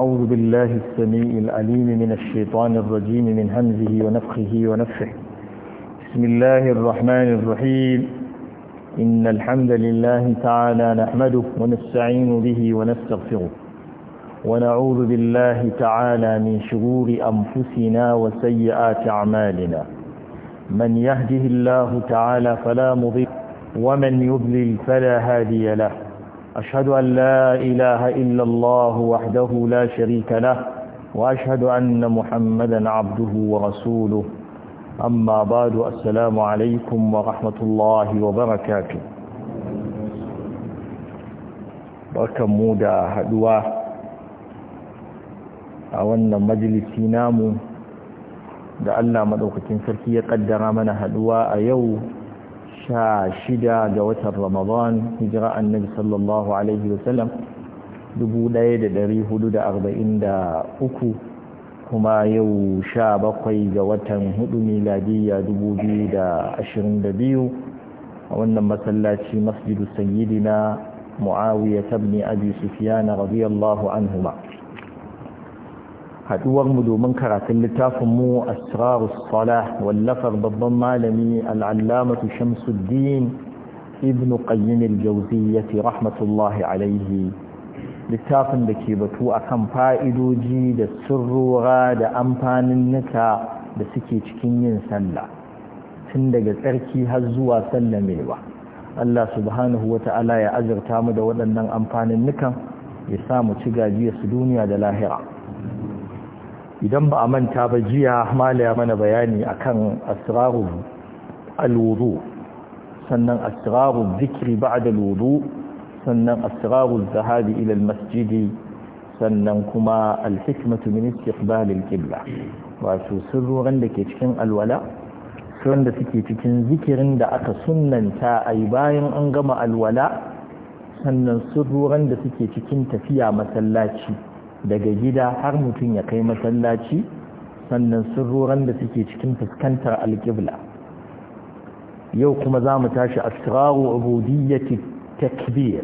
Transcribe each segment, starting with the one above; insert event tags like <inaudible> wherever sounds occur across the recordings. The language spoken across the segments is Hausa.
أعوذ بالله السميع العليم من الشيطان الرجيم من همزه ونفخه ونفخه بسم الله الرحمن الرحيم إن الحمد لله تعالى نحمده ونستعين به ونستغفره ونعوذ بالله تعالى من شرور أنفسنا وسيئات أعمالنا من يهده الله تعالى فلا مضل ومن يضلل فلا هادي له أشهد أن لا إله إلا الله وحده لا شريك له وأشهد أن محمدا عبده ورسوله أما بعد السلام عليكم ورحمة الله وبركاته barkan mu da haduwa a wannan majalisi namu da Allah maɗaukakin sarki ya ƙaddara mana haduwa a yau sha shida ga watan ramadan hijira annabi sallallahu alaihi wasallam 1443 kuma yau sha bakwai ga watan hudu miladiyya 2022 a wannan masallaci masjidu sayyidina muawiya tabni abi sufyan radiyallahu anhuma mu domin karatun littafinmu asrarus salah wallafar babban malami al'allamatu shamsuddin ibn qayyim ya fi rahmatullahi alaihi littafin da ke batu a kan fa'idoji da sirrora da amfanin nika da suke cikin yin sallah tun daga tsarki har zuwa sallamewa Allah subhanahu wa ta'ala ya azurta mu da waɗannan amfanin nikan ya sa mu ci gajiyarsu duniya da lahira idan ba a manta ba jiya malaya mana bayani akan asrarun alwudu sannan asrarun zikiri ba da wudu sannan asrarun zahabi ilal masjidi sannan kuma alhikmatu min istiqbalil qibla wato sirrorin da ke cikin alwala sirrorin da suke cikin zikirin da aka sunnanta ayi bayan an gama alwala sannan sirrorin da suke cikin tafiya masallaci daga gida har mutum ya kai masallaci sannan sirroran da suke cikin fuskantar alƙibla yau kuma za mu tashi asiraru abudiyyati takbir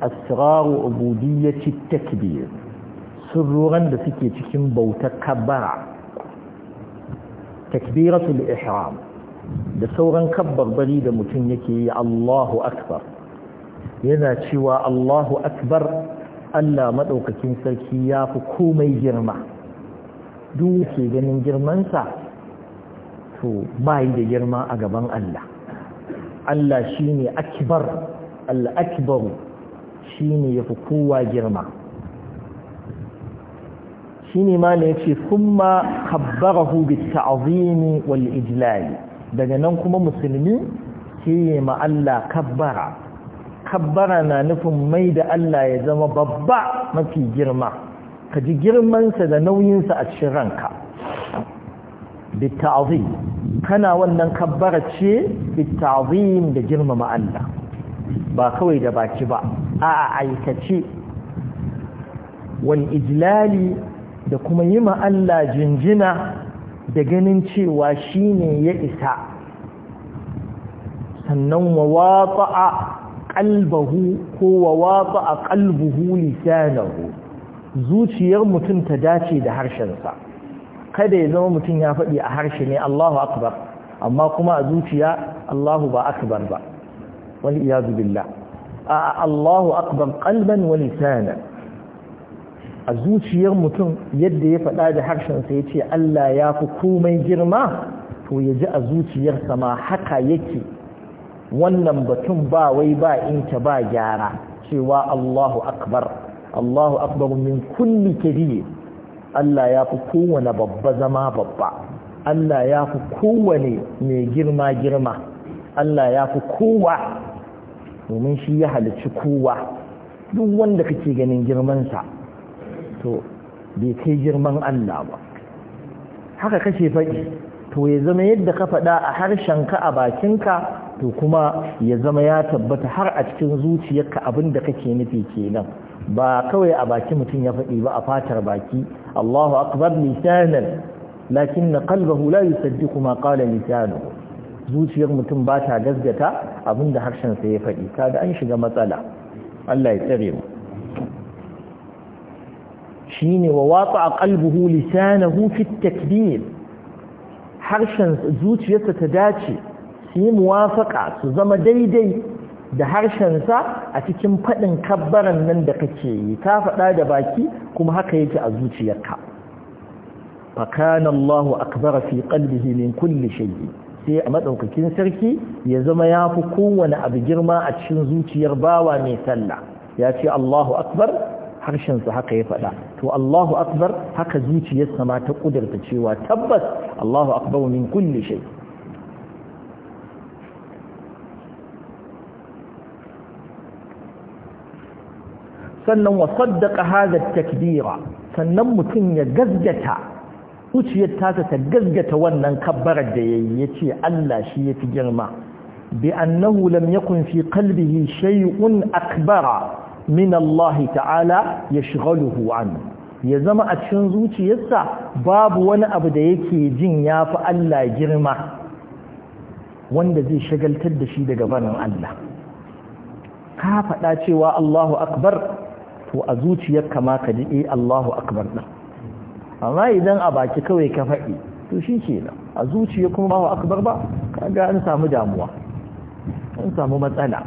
asiraru abudiyyati takbir sirroran da suke cikin bautar kabara. takbiratul ihram da sauran kabbarbari da mutum yake yi Allahu akbar yana cewa Allahu akbar Allah maɗaukakin sarki ya fi komai girma duk ke ganin girmansa to bayi da girma a gaban Allah Allah shi ne akibar al'akibaru shi ne ya fi kowa girma shi ne ma na ya ce kuma kabbarahu bi ta'azini wal ijlali daga nan kuma musulmi shi ma Allah kabbara kabbara na nufin mai da Allah ya zama babba mafi girma ka ji girmansa da nauyinsa a cikin ranka bitta'azim kana wannan kabbara ce bitta'azim da girmama Allah ba kawai da baki ba a aikace wal ijlali da kuma yi ma Allah jinjina da ganin cewa shine ya isa sannan wa wata'a qalbahu ko wa wata'a qalbuhu lisanahu zuciyar mutum ta dace da harshensa kada ya zama mutum ya faɗi a harshe ne Allahu akbar amma kuma a zuciya Allahu ba akbar ba Wani iyazu billah a Allahu akbar qalban wa lisanan a zuciyar mutum yadda ya faɗa da harshensa ya ce Allah ya fi komai girma to ya ji a zuciyarsa ma haka yake wannan batun ba wai ba inta ba gyara cewa Allahu akbar Allahu akbar min kulli kabir Allah ya fi kowane babba zama babba Allah ya fi kowane mai girma girma Allah ya fi kowa domin shi ya halici kowa duk wanda kake ganin girmansa to bai kai girman Allah ba haka kake faɗi to ya zama yadda ka faɗa a harshen ka a bakinka to kuma ya zama ya tabbata har a cikin zuciyarka abin da kake nufi kenan ba kawai a baki mutum ya faɗi ba a fatar baki Allahu akbar lisanan lakin qalbuhu la yusaddiqu ma qala lisanu, zuciyar mutum ba ta gaskata abin da harshen sa ya faɗi kaga an shiga matsala Allah ya tsare mu shine wa waqa'a qalbuhu lisanahu fi at-takbir harshen zuciyarsa ta dace su yi muwafaƙa su zama daidai da harshensa a cikin faɗin kabbaran nan da kake yi ta faɗa da baki kuma haka yake a zuciyarka fakana Allahu akbar fi qalbihi min kulli shayi sai a madaukakin sarki ya zama ya fi kowane abu girma a cikin zuciyar bawa mai sallah ya ce Allahu akbar harshensa haka ya faɗa to Allahu akbar haka zuciyarsa ma ta kudurta cewa tabbas Allahu akbar min kulli shay'in sannan wasaddaka saddaka hadha takbira sannan mutum ya gazgata zuciyar tasa ta gazgata wannan kabbarar da yayi yace Allah shi yafi girma bi annahu lam yakun fi qalbihi shay'un akbara min Allah ta'ala yashghaluhu anhu ya zama a cikin zuciyarsa babu wani abu da yake jin yafi Allah girma wanda zai shagaltar da shi daga barin Allah ka faɗa cewa Allahu akbar to a zuciyar kama ka ji eh Allahu akbar din amma idan a baki kawai ka faɗi to shi ke kenan a zuciya kuma Allahu akbar ba kaga an samu damuwa an samu matsala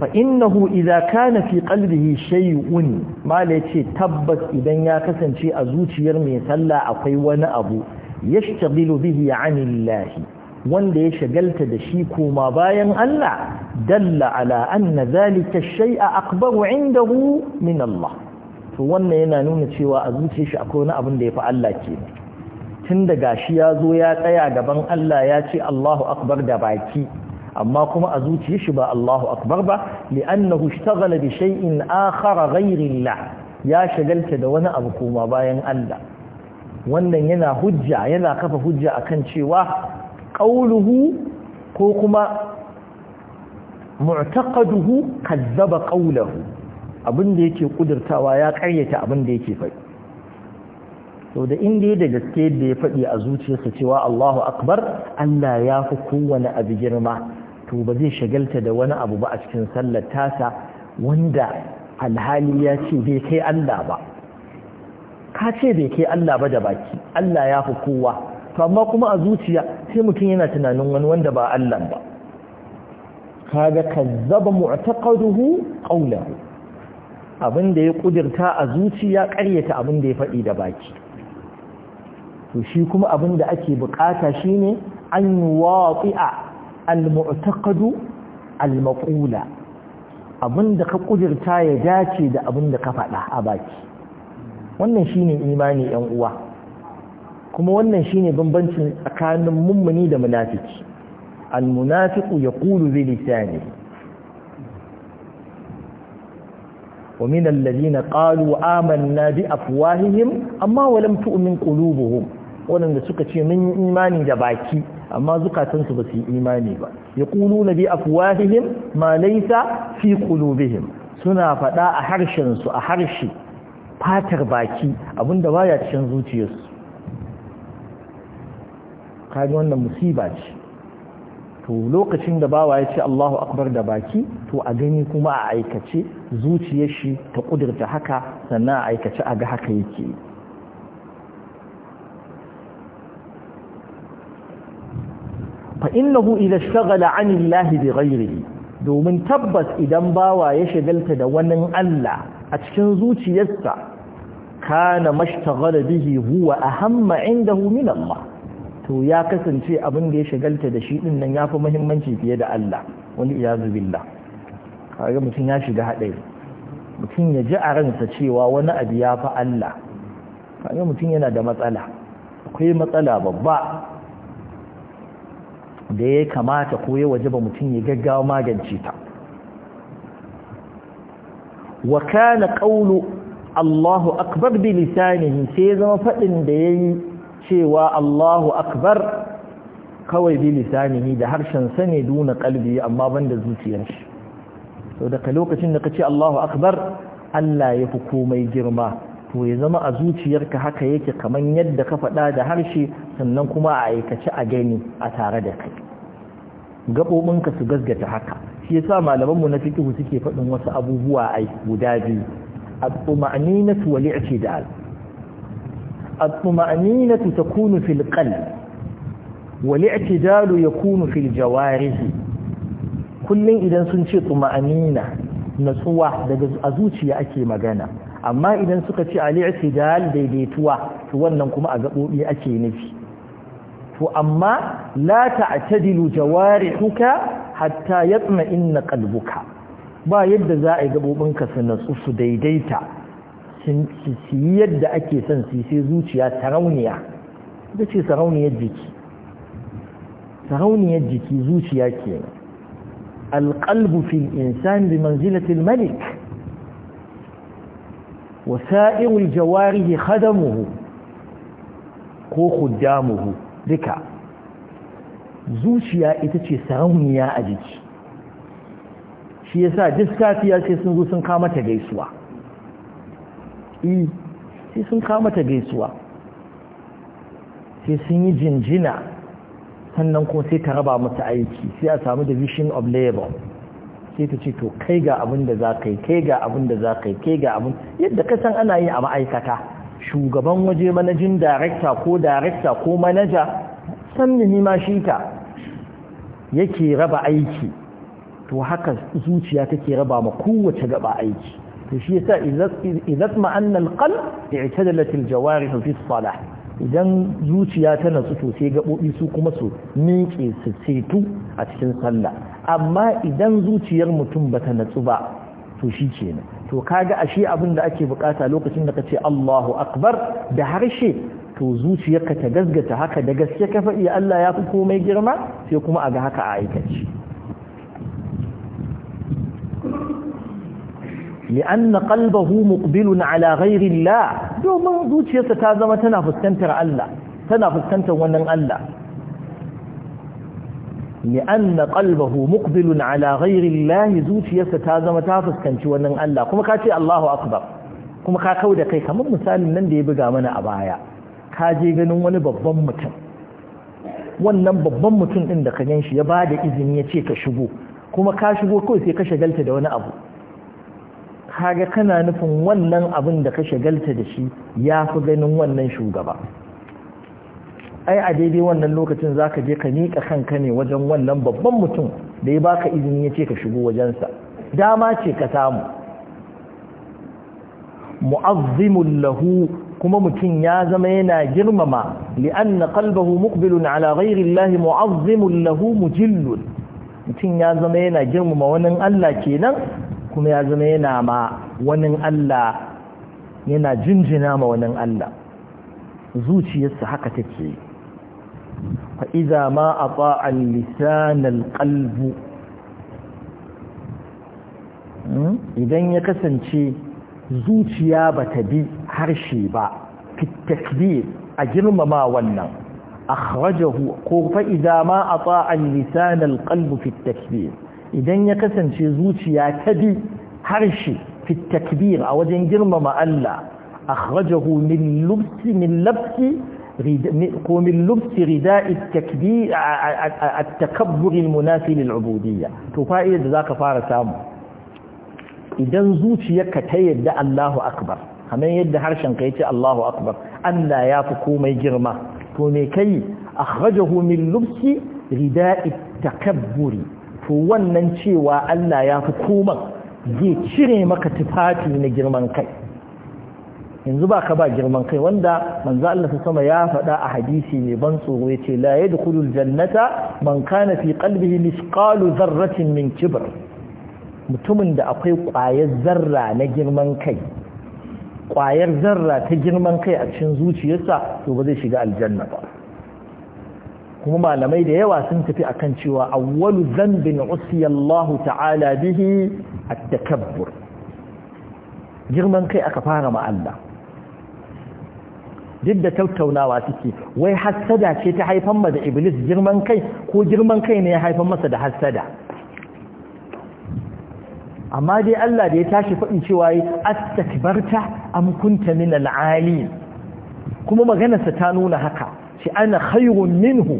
fa innahu idza kana fi qalbihi shay'un mala yace tabbas idan ya kasance a zuciyar mai sallah akwai wani abu yashtagilu bihi 'anillahi wanda ya shagalta da shi koma bayan Allah dalla ala anna zalika shay'a akbaru indahu min Allah to wannan yana nuna cewa a zuciyar shi akwai wani abin da yafi Allah ke tun da gashi ya zo ya tsaya gaban Allah ya ce Allahu akbar da baki amma kuma a zuciyar shi ba Allahu akbar ba li'annahu ishtaghala bi shay'in akhar ghayri Allah ya shagalta da wani abu koma bayan Allah wannan yana hujja yana kafa hujja akan cewa ƙauluhu ko kuma mu'taqaduhu kazzaba Abin abinda yake kudurtawa ya karyata abinda yake faɗi to da inda da gaske da ya faɗi a zuciyarsa cewa Allahu akbar Allah ya fi kowane abu girma to ba zai shagalta da wani abu ba a cikin sallar tasa wanda alhali ya ce bai kai Allah ba ka ce bai kai Allah ba da baki Allah ya fi kowa kamar amma kuma a zuciya sai mutum yana tunanin wani wanda ba Allah ba kaga kazzaba mu'taqaduhu qawluhu abin da ya kudirta a zuciya ƙaryata abin da ya faɗi da baki to shi kuma abin da ake bukata shine an waqi'a al-mu'taqadu al abin da ka kudirta ya dace da abin da ka faɗa a baki wannan shine imani ɗan uwa kuma wannan shine bambancin tsakanin mummuni da munafiki al-munafiqu yaqulu ne. lisanihi wa min alladhina qalu amanna bi afwahihim amma wa lam tu'min qulubuhum wanda suka ce mun yi imani da baki amma zukatansu basu yi imani ba yaquluna bi afwahihim ma laysa fi qulubihim suna faɗa a harshensu a harshe fatar baki abinda baya cikin zuciyarsu kaji wannan musiba ce to lokacin da bawa ya ce Allahu akbar da baki to a gani kuma a aikace zuciyar shi ta kudurta haka sannan a aikace a ga haka yake fa innahu idza ishtaghala 'an Allahi bi ghayrihi domin tabbas idan bawa ya shagalta da wani Allah a cikin zuciyarsa kana mashtaghala bihi huwa ahamma 'indahu min Allah to ya kasance abin da ya shagalta da shi din nan ya fi muhimmanci fiye da Allah wani iyazu zubilla. kaga mutum ya shiga haɗari mutum ya ji a ransa cewa wani abu ya fi Allah kaga mutum yana da matsala akwai matsala babba da ya kamata ko ya waje ba mutum ya gaggawa magance ta wa kana qawlu Allahu akbar bi lisanihi sai zama fadin da yayi cewa Allahu akbar kawai bi lisanihi da harshen sa ne duna kalbi amma banda zuciyar shi to daga lokacin da kace Allahu akbar Allah ya fi komai girma to ya zama a zuciyarka haka yake kaman yadda ka faɗa da harshe sannan kuma a aikace a gani a tare da kai gabobin ka su gasgata haka shi yasa malaman mu na fiqh suke faɗin wasu abubuwa ai guda biyu al ce da itidal الطمأنينة تكون في القلب ya kunu في الجوارح kullum idan sun ce tsuma'anina natsuwa daga a zuciya ake magana amma idan suka ce al'itidal daidaituwa to wannan kuma a gaɓoɓi ake nufi to amma la ta'tadilu jawarihuka hatta yatma'inna qalbuka ba yadda za a yi ka su natsu su daidaita su yi yadda ake son su sai zuciya sarauniya da ce sarauniyar jiki sarauniyar jiki zuciya ke alƙalbu fil insan bi manzilatil malik wa sa'irul jawarihi khadamuhu ko khuddamuhu duka zuciya ita ce sarauniya a jiki shi yasa duk safiya sai sun zo sun kama ta gaisuwa sai sun kawo mata gaisuwa sai sun yi jinjina sannan ko sai ta raba mata aiki sai a samu division of labor sai ta ce to kai ga abin da za ka yi kai ga abin da za ka yi kai ga abin yadda ka san ana yi a ma'aikata shugaban waje manajin darekta ko darekta ko manaja sannan ma shi ta yake raba aiki to haka zuciya take raba ma kowace gaba aiki to shi yasa idan ma'anna alqalb i'tadalat aljawarih fi salah idan zuciya ta natsu sai gabobi su kuma su minƙe su setu a cikin sallah amma idan zuciyar mutum bata natsu ba to shi kenan to kaga ashe abin da ake bukata lokacin da kace Allahu akbar da harshe to zuciyarka ta gasgata haka da gaske ka faɗi Allah ya fi komai girma sai kuma a ga haka a aikace لأن قلبه مقبل على غير الله دوما zuciyarsa ta zama tana fuskantar Allah tana fuskantar wannan Allah لأن قلبه مقبل على غير الله zuciyarsa ta zama ta fuskanci wannan Allah kuma kace Allahu akbar kuma ka kauda kai kamar misalin nan da ya buga mana a baya ka je ganin wani babban mutum wannan babban mutum din da ka ganshi ya bada izini ya ce ka shigo kuma ka shigo kawai sai ka shagalta da wani abu kaga kana nufin wannan abin da ka shagalta da shi ya fi ganin wannan shugaba ai a daidai wannan lokacin za ka je ka miƙa kanka ne wajen wannan babban mutum da ya baka izini ya ce ka shigo wajensa dama ce ka samu mu'azzimun lahu kuma mutum ya zama yana girmama li'anna qalbahu muqbilun ala ghairi Allah mu'azzimun lahu mujillun mutum ya zama yana girmama wani Allah kenan kuma ya zama yana ma wani Allah yana jinjina ma wani Allah zuciyarsa haka take fa idza ma ata'a lisan alqalb hmm? idan ya kasance zuciya ba ta bi harshe ba fi takbir a girmama wannan akhrajahu ko fa idza ma ata'a lisan alqalb fi takbir idan ya kasance zuciya ta bi harshe fi takbir a wajen girmama Allah akhrajahu min lubsi min labsi ko min lubsi rida'i takbir at-takabbur al-munafi lil-ubudiyya to fa'ida da zaka fara samu idan zuciyarka ta yadda Allahu akbar kamar yadda harshen ka yace Allahu akbar Allah ya fi komai girma to me kai akhrajahu min lubsi rida'i takabburi to wannan cewa Allah ya fi koman zai cire maka tufafi na girman kai yanzu ba ka ba girman kai wanda manzo Allah ta sama ya faɗa a hadisi mai ban tsoro ya ce la yadkhulul jannata man kana fi qalbihi misqalu dharratin min kibr mutumin da akwai ƙwayar zarra na girman kai ƙwayar zarra ta girman kai a cikin zuciyarsa to ba zai shiga aljanna ba kuma malamai da yawa sun tafi akan cewa awwalu Zanbin usiya ta'ala bihi at-takabbur girman kai aka fara ma Allah duk da tattaunawa suke wai hassada ce ta haifan ma da iblis girman kai ko girman kai ne ya haifan masa da hassada amma dai Allah da ya tashi faɗin cewa yi astakbarta am kunta min al kuma maganarsa ta nuna haka ce ana khairun minhu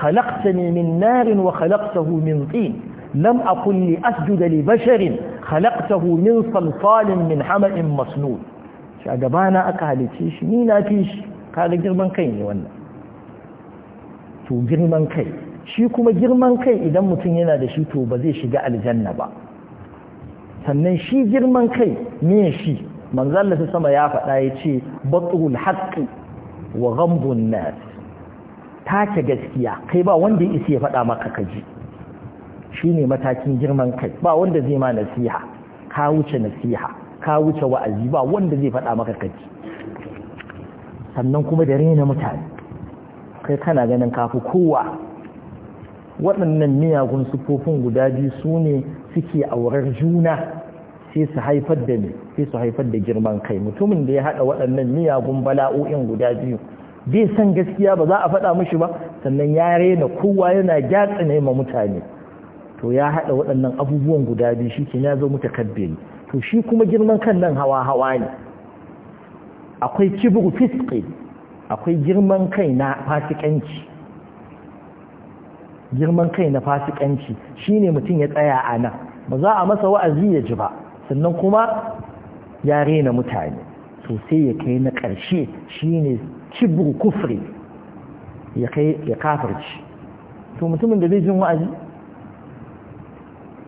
khalaqtani min narin wa khalaqtahu min tin lam akun li asjuda li basharin khalaqtahu min salsalin min hama'in masnun shi gabana aka halice shi ni na fi shi kaga girman kai ne wannan to girman kai shi kuma girman kai idan mutum yana da shi to ba zai shiga aljanna ba sannan shi girman kai ne shi manzalla su sama ya faɗa ya ce batul haƙƙi wa ghamdun nas take gaskiya kai ba wanda ya isa ya faɗa maka kaji shine matakin girman kai ba wanda zai ma nasiha ka wuce nasiha ka wuce wa'azi ba wanda zai faɗa maka kaji sannan kuma da rena mutane kai kana ganin kafi kowa waɗannan miyagun sufofin guda biyu su ne suke aurar juna sai su haifar da ne fi su haifar da girman kai mutumin da ya haɗa waɗannan miyagun bala'o'in guda biyu bai san gaskiya ba za a faɗa mishi ba sannan ya rena kowa yana gyatsa ne ma mutane to ya haɗa waɗannan abubuwan guda biyu shi ya zo mutakabbiri to shi kuma girman kan nan hawa hawa ne akwai kibru fisqi akwai girman kai na fasikanci girman kai na fasikanci shine mutum ya tsaya a nan ba za a masa wa'azi ya ji ba sannan kuma ya rena mutane sosai ya kai na ƙarshe shine cibin kufri ya kai ya kafarci to mutumin da zai jin wa'azi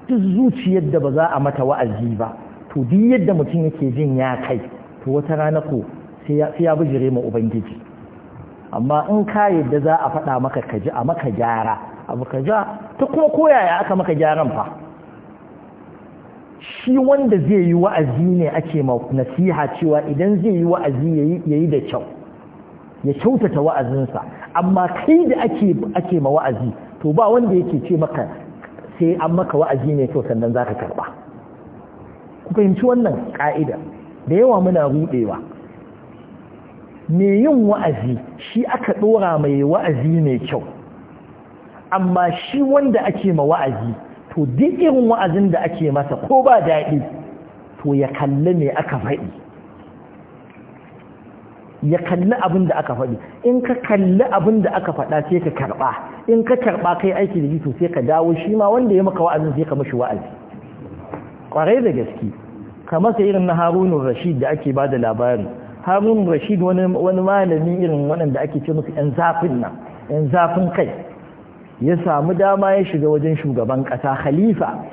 duk zuciyar da ba za a mata wa'azi ba to duk yadda mutum yake jin ya kai to wata rana ko sai ya bijire ma ubangiji amma in ka yadda za a faɗa maka kaji a maka gyara abu kaja ta kuma koyaya aka maka gyaran fa shi wanda zai yi wa'azi ne ake nasiha cewa idan zai yi wa'azi ya yi da kyau ya kyautata wa'azinsa amma kai da ake ma wa'azi to ba wanda yake ce maka sai an maka wa'azi ne kyau sannan za ka karba ku fahimci wannan ka'ida da yawa muna rudewa me yin wa'azi shi aka ɗora mai wa'azi mai kyau amma shi wanda ake ma wa'azi to duk irin wa'azin da ake masa ko ba daɗi to ya kalli abinda aka faɗi ya kalli abin da aka faɗi in ka kalli abin da aka faɗa sai ka karɓa in ka karɓa kai aiki da jito sai ka dawo shi ma wanda ya maka wa'azin sai ka mashi wa'azi ƙwarai da gaske ka masa irin na harunun rashid da ake ba da labari Haruna rashid wani malami irin waɗanda ake ce musu 'yan zafin nan 'yan zafin kai ya samu dama ya shiga wajen shugaban ƙasa khalifa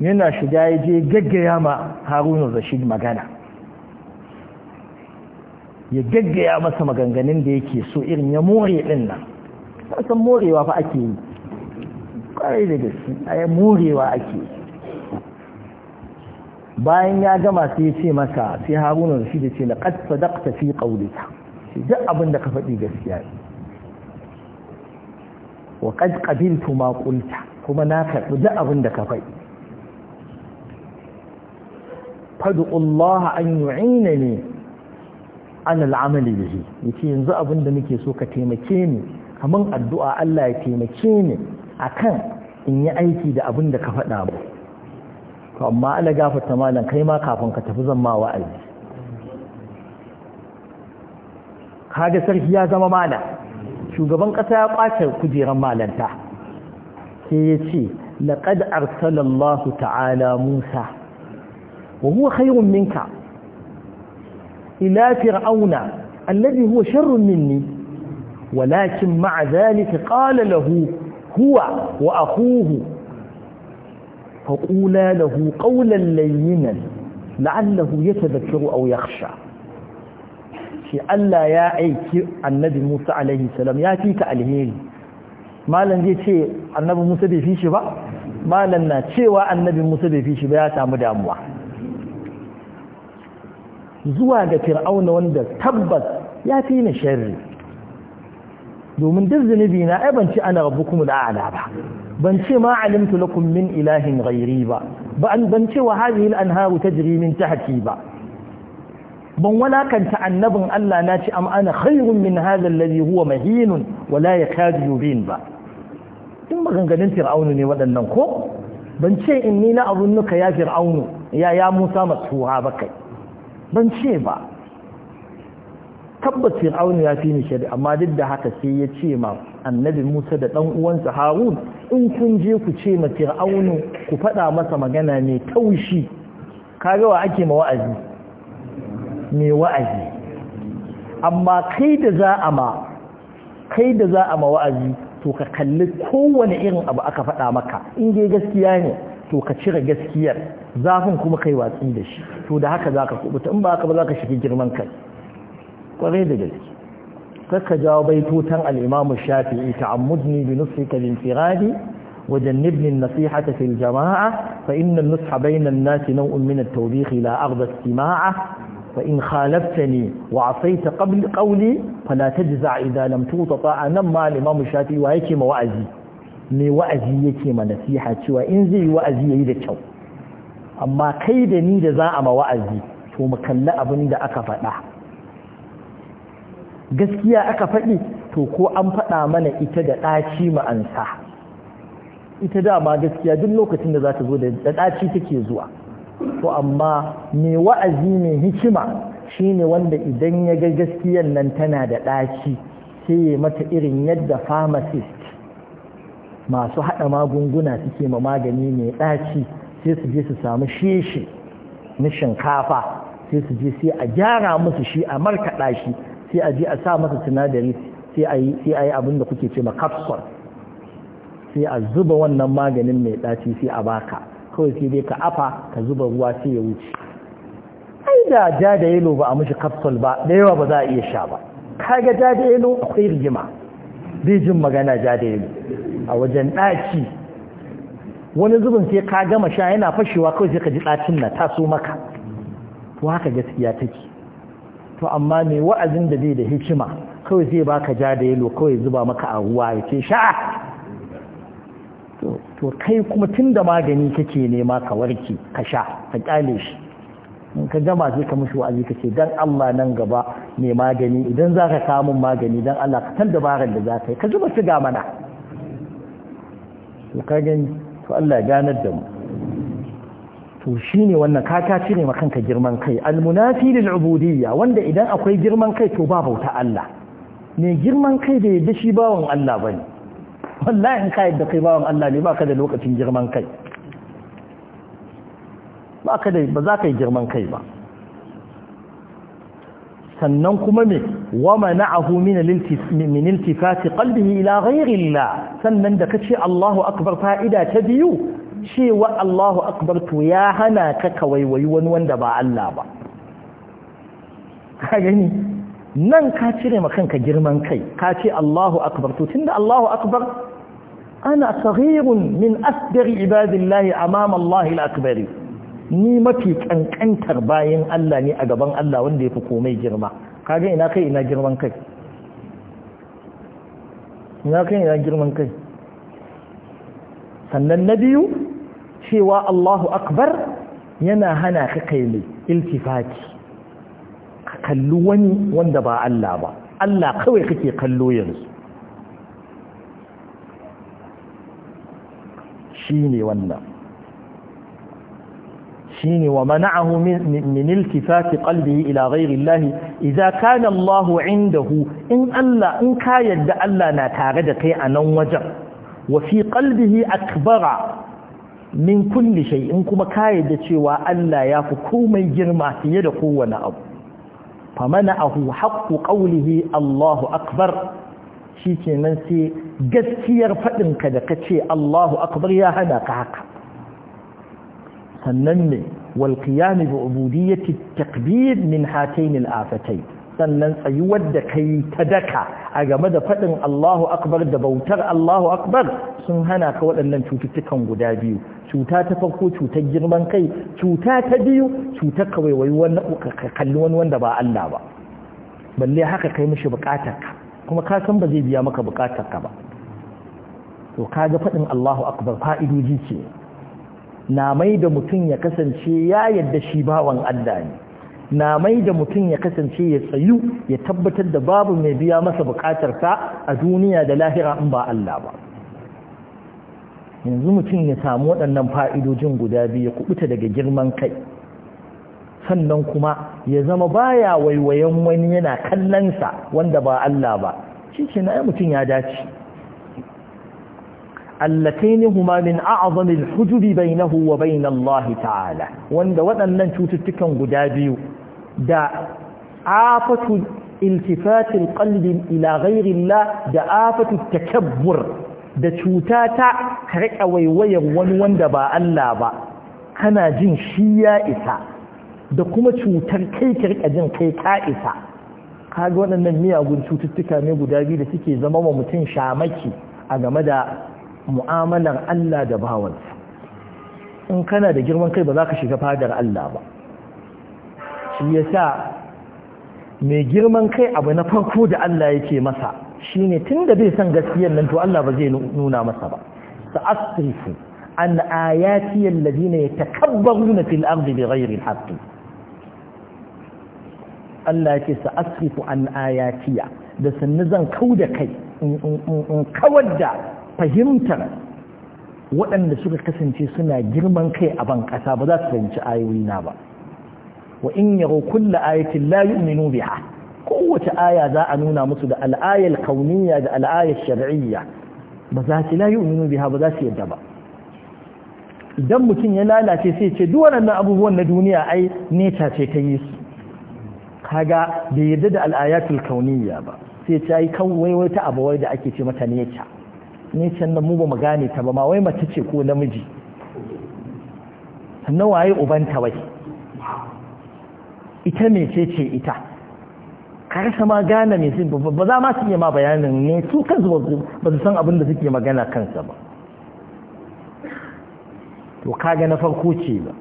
yana shiga ya je gaggaya ma haruna rashid magana ya gaggaya masa maganganun da yake so irin ya more ɗin nan san morewa fa ake yi ƙwarai da gaske a morewa ake yi bayan ya gama sai ce masa sai haruna da shi da ce na ƙasa daƙta fi ƙaunita duk abin da ka faɗi gaskiya ne wa qad qabiltu ma kuma na karɓi da abin da ka faɗi fadu Allah an yu'ina ne an al'amali bihi yace yanzu abin da nake so ka taimake ni kaman addu'a Allah ya taimake ni akan in yi aiki da abin da ka faɗa mu to amma ala gafarta malam kai ma kafin ka tafi zan ma wa'azi kaga sarki ya zama malam shugaban ƙasa ya ƙwace kujerar malanta sai ya ce laƙad arsalallahu ta'ala musa wa huwa khairun minka ila fir'auna alladhi huwa sharrun minni walakin ma'a zalika qala lahu huwa wa akhuhu فقولا له قولا لينا لعله يتذكر أو يخشى ce Allah ya aiki annabi Musa alaihi salam ya fi ka alheri malam zai ce annabi Musa bai fi shi ba malam na cewa annabi Musa bai fi shi ba ya samu damuwa zuwa ga fir'auna wanda tabbas ya fi ni sharri domin duk zunubi na ai ban ce ana rabbukum al'ala ba ban ce ma alimtu lakum min ilahin ghairi ba ban ce wa hadhihi anharu tajri min tahti ba ban walakanta annabin Allah na ce am ana khairun min hadha alladhi huwa mahinun wa la yakadu yubin ba in maganganun fir'aunu ne waɗannan ko ban ce inni na azunnuka ya fir'aunu ya ya Musa matuha ba kai ban ce ba tabbas fir'aunu ya fi ni shari amma duk da haka sai ya ce ma annabi Musa da dan uwansa Harun in kun je ku ce ma fir'aunu ku faɗa masa magana mai taushi kaga wa ake ma wa'azi mai wa'azi amma kai da za a ma kai da za a ma wa'azi to ka kalli kowane irin abu aka faɗa maka in dai gaskiya ne to ka cire gaskiyar zafin kuma kai watsi da shi to da haka za ka kubuta in ba haka ba za ka shiga girman kai kwarai da gaske kakka jawo baitotan al'imamu shafi'i ta'ammudni bi nusrika bin firadi وجنبني النصيحة في الجماعة فإن النصح بين الناس نوع من التوبيخ لا أرضى استماعه فإن خالفتني وعصيت قبل قولي فلا تجزع إذا لم تطع malama mu الإمام الشافعي وهيك وعزي mai wa'azi yake ma nasiha cewa in zai yi wa'azi yayi da kyau amma kai da ni da za a ma wa'azi to mu kalli abin da aka faɗa gaskiya aka faɗi to ko an faɗa mana ita da ɗaci ma'ansa ita dama gaskiya duk lokacin da za ta zo da ɗaci take zuwa to amma mai wa'azi mai hikima shine wanda idan ya ga gaskiyan nan tana da ɗaci sai ya mata irin yadda pharmacist masu haɗa magunguna suke ma magani mai ɗaci sai su je su samu sheshe na shinkafa sai su je sai a gyara musu shi a markaɗa shi sai a je a sa masa sinadari sai a yi abin da kuke ce ma capsule sai a zuba wannan maganin mai ɗaci sai a baka kawai sai dai ka afa ka zuba ruwa sai ya wuce ai da ja yelo ba a mishi capsule ba da yawa ba za a iya sha ba kaga ja da yelo akwai rigima bai jin magana ja yelo a wajen ɗaci wani zubin sai ka gama sha yana fashewa kawai sai ka ji ɗacin na taso maka to haka gaskiya take to amma mai wa'azin da bai da hikima kawai zai baka jada da yelo kawai zuba maka a ruwa ya ce sha to kai kuma tun da magani kake nema ka warke ka sha ka kyale shi in ka gama sai ka mushi wa'azi ka ce dan Allah nan gaba mai magani idan za ka samun magani dan Allah ka san dabarar da za ka yi ka zuba siga mana to ka gani to Allah ya ganar da mu to shine wannan ka ta cire ma kanka girman kai almunafi lil ubudiyya wanda idan akwai girman kai to ba bauta Allah ne girman kai da yadda shi bawon Allah bane wallahi in ka yadda kai bawan Allah ne baka da lokacin girman kai baka da ba za ka yi girman kai ba sannan kuma me wa mana'ahu min min iltifati qalbihi ila ghayri Allah sannan da kace Allahu akbar fa'ida ta biyu cewa Allahu akbar to ya hana ka kawaiwayi wani wanda ba Allah ba ka gani nan ka cire ma kanka girman kai ka ce Allahu akbar to tunda Allahu akbar ana sarirun min asdari ibadillahi amama Allah al ni mafi kankantar bayan Allah ne a gaban Allah wanda yafi komai girma kaga ina kai ina girman kai sannan na biyu cewa Allahu akbar yana hana ka kai mai iltifati ka kalli wani wanda ba Allah ba Allah kawai kake kallo yanzu ne wannan ne wa mana'ahu min iltifati qalbihi ila ghairi Allah idza kana Allah 'indahu in Allah in ka yadda Allah na tare da kai a nan wajen wa fi qalbihi akbara min kulli shay in kuma ka yadda cewa Allah ya fi komai girma fiye da kowane abu fa ahu haqqu qawlihi Allahu akbar shi kenan sai gaskiyar faɗinka da ka ce Allahu akbar ya hana ka haka sannan ne walƙiyami bi ubudiyyati takbir min hatayn al sannan tsayuwar da kayi ta daka a game da faɗin Allahu akbar da bautar Allahu akbar sun hana ka waɗannan cututtukan guda biyu cuta ta farko cutar girman kai cuta ta biyu cutar kawaiwayi wani kalli wani wanda ba Allah ba balle haka kai mishi ka. kuma ka san ba zai biya maka bukatar ka ba to ka ga faɗin Allahu akbar fa'idoji ce na mai da mutum ya kasance ya yadda shi bawan Allah ne na mai da mutum ya kasance ya tsayu ya tabbatar da babu mai biya masa bukatar ka a duniya da lahira in ba Allah ba yanzu mutum ya samu waɗannan fa'idojin guda biyu ya kubuta daga girman kai sannan kuma ya zama baya waiwayen wani yana kallonsa wanda ba Allah ba shi ce mutum ya dace allataini huma min a'zamil hujubi bainahu wa bain Allah ta'ala wanda waɗannan cututtukan guda biyu da afatu iltifatil qalbi ila ghairi Allah da afatu takabbur da cuta ta ka riƙa waiwayen wani wanda ba Allah ba kana jin shi ya isa da kuma cutar kai ka rika jin kai ka isa kaga waɗannan miyagun cututtuka ne guda biyu da suke zama wa mutum shamaki a game da mu'amalar Allah da bawansa in kana da girman kai ba za ka shiga fadar Allah ba shi ya sa mai girman kai abu na farko da Allah yake masa shi ne tun da bai san gaskiyar nan to Allah ba zai nuna masa ba sa'asrifu an ya alladhina yatakabbaruna fil ardi da al-haqqi Allah ce asifu an ayatiya da sannu zan kau da kai in kawar da fahimtar waɗanda suka kasance suna girman kai a ban ƙasa ba za su fahimci ayoyina ba wa in yaro kulla ayatin la yu'minu biha kowace aya za a nuna musu da al'ayar kauniya da al'ayar shar'iyya ba za su la yu'minu biha ba za su yadda ba idan mutum ya lalace sai ce duk waɗannan abubuwan na duniya ai neta ce ta yi su kaga bai yarda da al'ayatul kauniyya ba sai ta yi kawai wata abu wai da ake ce mata neca necan nan mu ba mu gane ta ba ma wai mace ce ko namiji sannan waye uban ta wai ita mece ce ita ka ma gane me su ba za ma su iya ma bayanin ne su kansu ba su san abin da suke magana kansa ba to kaga na farko ce ba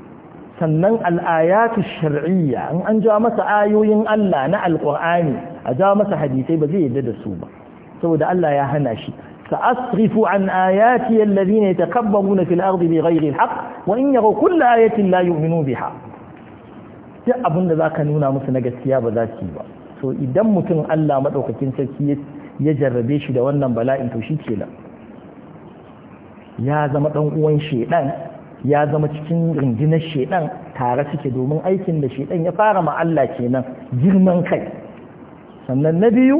sannan al'ayatu shar'iyya in an ja masa ayoyin Allah na alƙur'ani a ja masa hadisai ba zai yadda da su ba saboda Allah ya hana shi سأصرف عن آياتي الذين يتكبرون في الأرض بغير الحق وإن يروا كل آية لا يؤمنوا بها duk abin da za ka nuna musu na gaskiya ba za su yi ba to idan mutum Allah maɗaukakin sarki ya jarrabe shi da wannan bala'in to shi ke nan ya zama ɗan uwan shaidan ya zama cikin rundunar shedan tare suke domin aikin da shedan ya fara ma Allah kenan girman kai sannan na biyu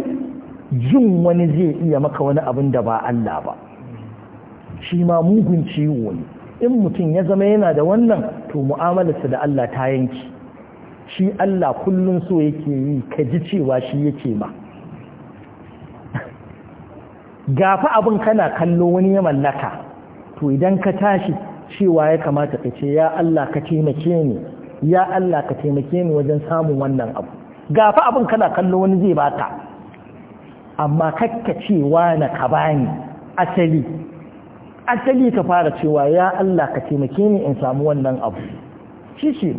jin wani zai iya maka wani abin da ba Allah ba shi ma mugun ciwo ne in mutum ya zama yana da wannan to mu'amalarsa da Allah ta yanki shi Allah kullum so yake yi ka ji cewa shi yake ma <laughs> gafa abin kana kallo wani ya mallaka to idan ka tashi cewa ya kamata ka ce ya Allah ka taimake ni ya Allah ka taimake ni wajen samun wannan abu gafa abin kana kallo wani zai baka amma kakka cewa na ka bani asali asali ka fara cewa ya Allah ka taimake ni in samu wannan abu shi shi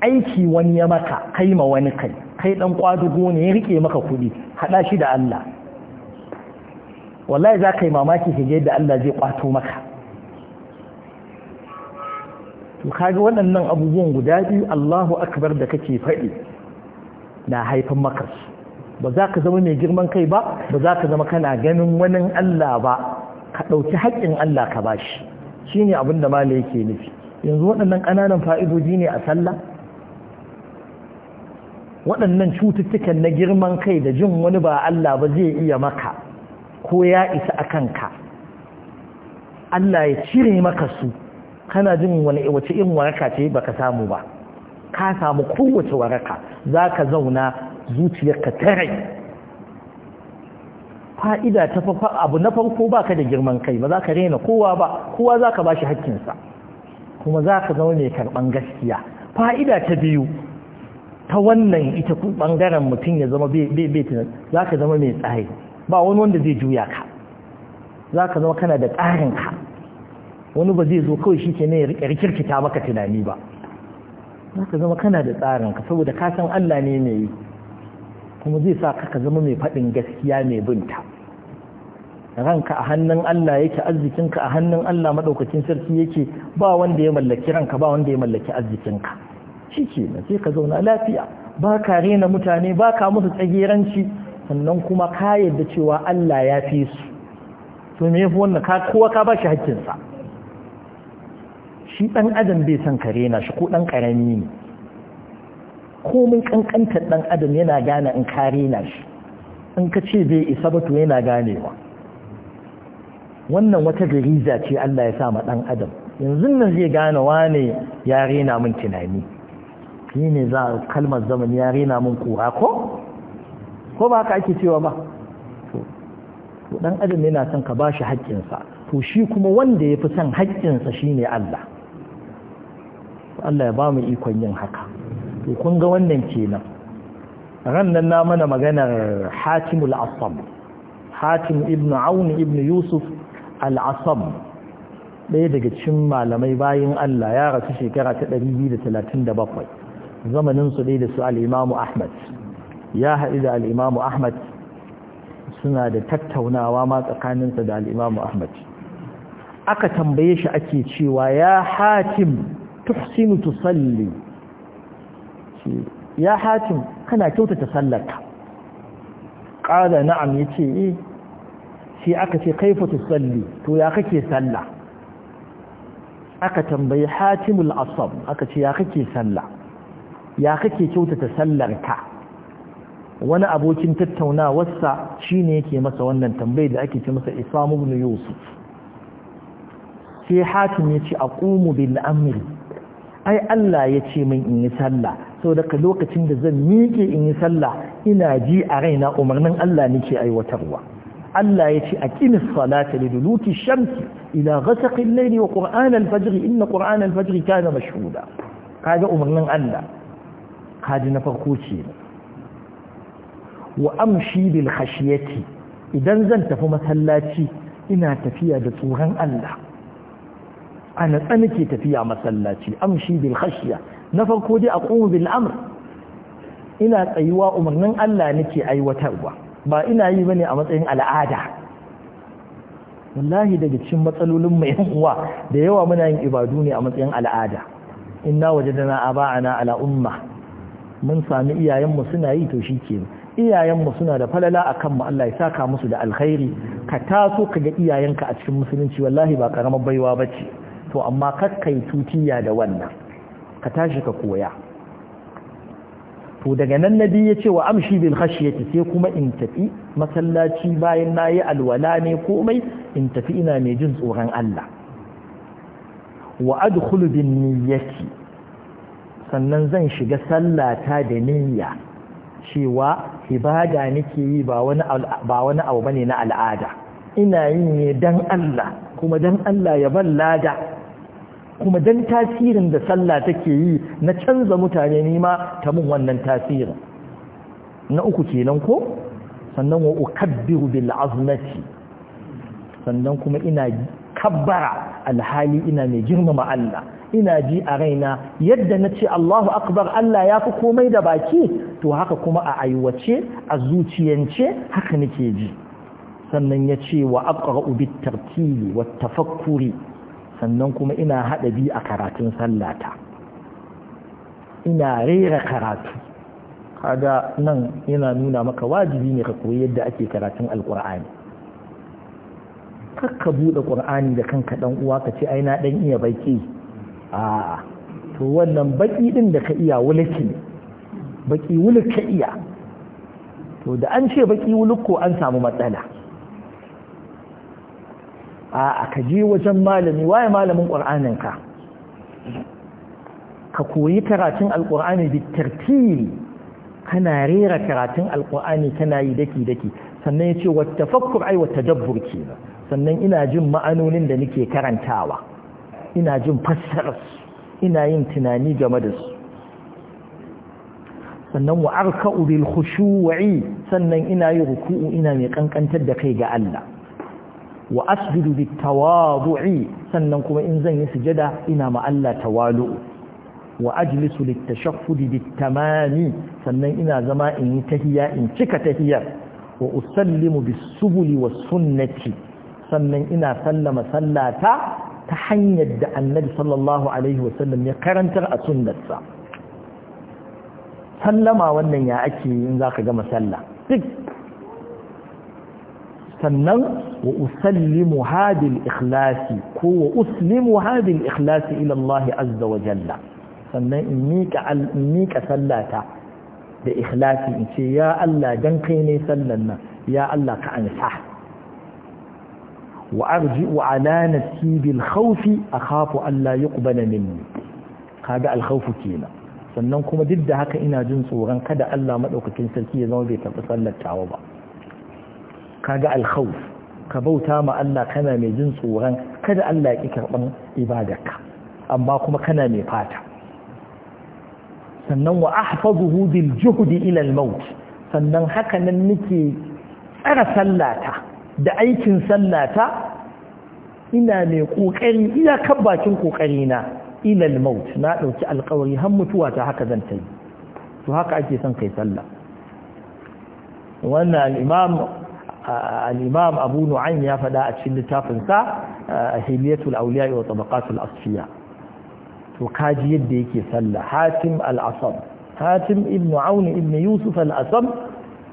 aiki wani ya maka kai ma wani kai kai dan kwadugo ne ya rike maka kudi hada shi da Allah wallahi za ka yi mamaki ka yadda Allah zai kwato maka to kaga waɗannan abubuwan guda biyu Allahu akbar da kake faɗi na haifan maka ba za ka zama mai girman kai ba ba za ka zama kana ganin wani Allah ba ka ɗauki haƙƙin Allah ka ba shi Shi abin da mala yake nufi yanzu waɗannan ƙananan fa'idoji ne a sallah waɗannan cututtukan na girman kai da jin wani ba Allah ba zai iya maka ko ya isa a kanka Allah ya cire maka su kana jin wani wace irin waraka ce ba ka samu ba ka samu kowace waraka za ka zauna zuciyarka tarai fa'ida ta fafa abu na farko ba ka da girman kai ba za ka rena kowa ba kowa za ka bashi shi hakkinsa kuma za ka zama karɓan gaskiya fa'ida ta biyu ta wannan ita ɓangaren mutum ya zama betina za ka zama mai tsari ba wani wanda zai juya ka za ka zama kana da ka. wani ba zai zo kawai shi ke ne ya rikirkita maka tunani ba za ka zama kana da tsarin ka saboda ka san Allah ne mai kuma zai sa ka zama mai faɗin gaskiya mai binta ranka a hannun Allah yake arzikinka a hannun Allah maɗaukacin sarki yake ba wanda ya mallaki ranka ba wanda ya mallaki arzikinka shi ke na sai ka zauna lafiya ba ka rena mutane ba ka musu tsageranci sannan kuma ka yadda cewa Allah ya fi su to me yafi wannan ka kowa ka ba shi hakkinsa shi ɗan adam bai son kare na shi ko ɗan ƙarami ne komin ƙanƙantar ɗan adam yana gane in kare na shi in ka ce bai isa ba to yana ganewa wannan wata gariza ce Allah ya sa ma ɗan adam yanzu nan zai gane wane ya rena min tunani shi ne za kalmar zamani ya rena min kura ko ko ba ka ake cewa ba to ɗan adam yana son ka ba shi haƙƙinsa to shi kuma wanda ya fi son haƙƙinsa shine Allah Allah ya ba mu ikon yin haka to kun ga wannan kenan ran nan na mana maganar Hatim al-Asam Hatim ibn Aun ibn Yusuf al-Asam ɗaya daga cikin malamai bayan Allah ya rasu shekara ta 237 zamanin su ɗaya da su al-Imam Ahmad ya haɗu da al-Imam Ahmad suna da tattaunawa ma tsakaninsa da al-Imam Ahmad aka tambaye shi ake cewa ya Hatim tuhsinu tusalli ya hatim kana kyautata sallarka qala na'am yace eh sai aka ce kaifa tusalli to ya kake sallah aka tambayi hatimul asab aka ce ya kake sallah ya kake kyautata sallarka wani abokin tattaunawarsa shine yake masa wannan tambayi da ake ce masa isamu ibn yusuf sai hatim ya yace aqumu bil amri ai Allah ya ce min in yi sallah sau daga lokacin da zan miƙe in yi sallah ina ji a raina umarnin Allah nake aiwatarwa Allah ya ce a kinis salata da duluki shamsi ila ghasaqin layli wa qur'an al-fajr inna qur'an al-fajr kana mashhuda kaga umarnin Allah kaji na farko ce wa amshi bil khashiyati idan zan tafi masallaci ina tafiya da tsoron Allah a natsa tafiya masallaci amshi bil khashya na farko dai a bil amr ina tsayuwa umarnin Allah nake aiwatarwa ba ina yi bane a matsayin al'ada wallahi daga cikin matsalolin mai uwa da yawa muna yin ibadu ne a matsayin al'ada inna wajadana aba'ana ala umma mun sami iyayenmu suna yi to shikenan iyayenmu suna da falala akan mu Allah ya saka musu da alkhairi ka taso ka ga iyayenka a cikin musulunci wallahi ba karamar baiwa bace to amma kakkai tutiya da wannan ka tashi ka koya to daga nan na biyu ya ce wa amshi bil khashiyati sai kuma in tafi masallaci bayan na yi alwala ne komai in tafi ina mai jin tsoron Allah wa adkhulu bin niyyati sannan zan shiga sallata da niyya cewa ibada nake yi ba wani ba wani abu bane na al'ada ina yin ne dan Allah kuma dan Allah ya ballada kuma dan tasirin da sallah take yi na canza mutane nima ta mun wannan tasirin na uku kenan ko sannan wa ukabbiru bil azmati sannan kuma ina kabbara alhali ina mai girmama Allah ina ji a raina yadda na ce Allahu akbar Allah ya fi komai da baki to haka kuma a aiwace a zuciyance haka nake ji sannan ya ce wa aqra'u bit tartili wat tafakkuri sannan kuma ina haɗa bi a karatun sallata ina rera karatu kaga nan yana nuna maka wajibi ne ka koyi yadda ake karatun alkur'ani ka buɗe ƙur'ani da kanka ɗan uwa ka ce ai na ɗan iya baƙi a to wannan baƙi ɗin da ka iya wulaki baƙi wuluk ka iya to da an ce baƙi wuluk ko an samu matsala a ka je wajen malami waye malamin ƙwar'anin ka ka koyi karatun alƙwar'ani bi tartili kana rera karatun alƙwar'ani kana yi daki-daki sannan ya ce wata fakkur ai wata dabbur ke sannan ina jin ma'anonin da nake karantawa ina jin fassararsu ina yin tunani game da su sannan wa arka'u bil khushu'i sannan ina yi ruku'u ina mai kankantar da kai ga Allah wa asjudu bitawadu'i sannan kuma in zan yi sujada ina ma Allah tawalu wa ajlisu litashaffudi bitamani sannan ina zama in yi tahiyya in cika tahiyyar wa usallimu bisubuli was sunnati sannan ina sallama sallata ta hanyar da annabi sallallahu alaihi wasallam ya karantar a sunnarsa sallama wannan ya ake in zaka gama sallah duk sannan wa usallimu hadil ikhlasi ko wa uslimu hadil ikhlasi ila Allah azza wa jalla sannan in miƙa al sallata da ikhlasi in ce ya Allah dan kai ne sallan nan ya Allah ka ansa wa arji'u ala nafsi bil khawfi akhafu an la yuqbala minni kaga al khawfu kenan sannan kuma duk da haka ina jin tsoron kada Allah madaukakin sarki ya zama bai taɓa sallatawa ba kaga alkhawf ka bauta ma Allah kana mai jin tsoron kada Allah ya ki karban ibadarka amma kuma kana mai fata sannan wa ahfazuhu bil juhdi ila al maut sannan haka nan nake tsara sallata da aikin sallata ina mai kokari ina kan bakin kokari na ila al maut na dauki alƙawari har mutuwa ta haka zan tayi to haka ake son kai sallah wannan al-imam al-imam abu nu'aym ya fada a cikin littafin sa ahliyatul awliya wa tabaqatul asfiya to kaji yadda yake sallah hatim al asam hatim ibn aun ibn yusuf al asam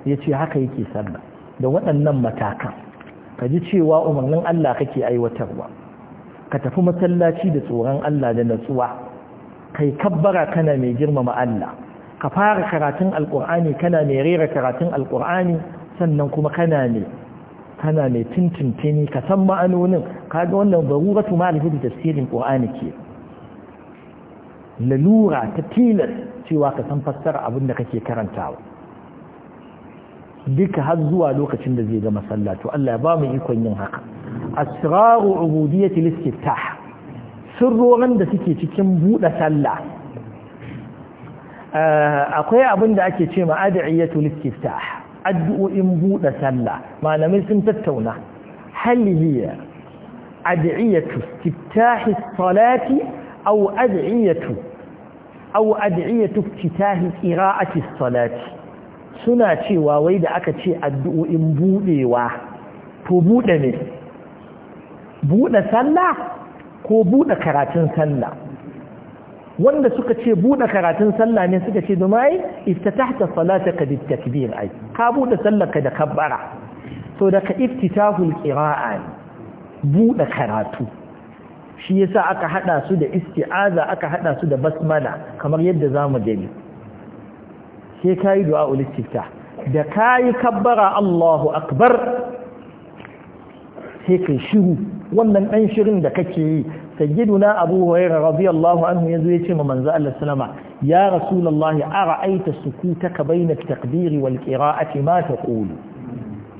yace haka yake sallah da waɗannan matakan kaji cewa umarnin Allah kake aiwatarwa ka tafi masallaci da tsoron Allah da natsuwa kai kabbara kana mai girmama Allah ka fara karatun alkur'ani kana mai rera karatun alkur'ani sannan kuma kana ne kana mai tuntuntuni ka san ma'anonin kaga wannan daruratu da tafsirin qur'ani ke lalura ta tilas cewa ka san fassara abin da kake karantawa duka har zuwa lokacin da zai ga to Allah ya ba mu ikon yin haka asraru ubudiyyati listiftah sirrorin da suke cikin buɗe sallah eh, akwai abinda ake ce ma ad'iyatu listiftah addu'o'in buɗe sallah malamai sun tattauna hal hiya ad'iyatu iftihi salati aw ad'iyatu aw ad'iyatu iftihi qira'ati salati suna cewa wai da aka ce addu'o'in buɗewa to buɗe ne buɗe sallah ko buɗe karatun sallah wanda suka ce buɗe karatun sallah ne suka ce duma ai iftatahta salataka bi takbir ai ka buɗe sallarka da kabbara to ka iftitahul qira'a buɗe karatu shi yasa aka hada su da isti'aza aka hada su da basmala kamar yadda zamu gani sai kai du'a ul istiftah da kai kabbara Allahu akbar sai kai shiru wannan dan shirin da kake yi na abu hurairah radiyallahu anhu yazo yace ma manzo Allah sallama ya ya rasulullahi ara'aita sukutaka bayna at takbiri wal qira'ati ma taqulu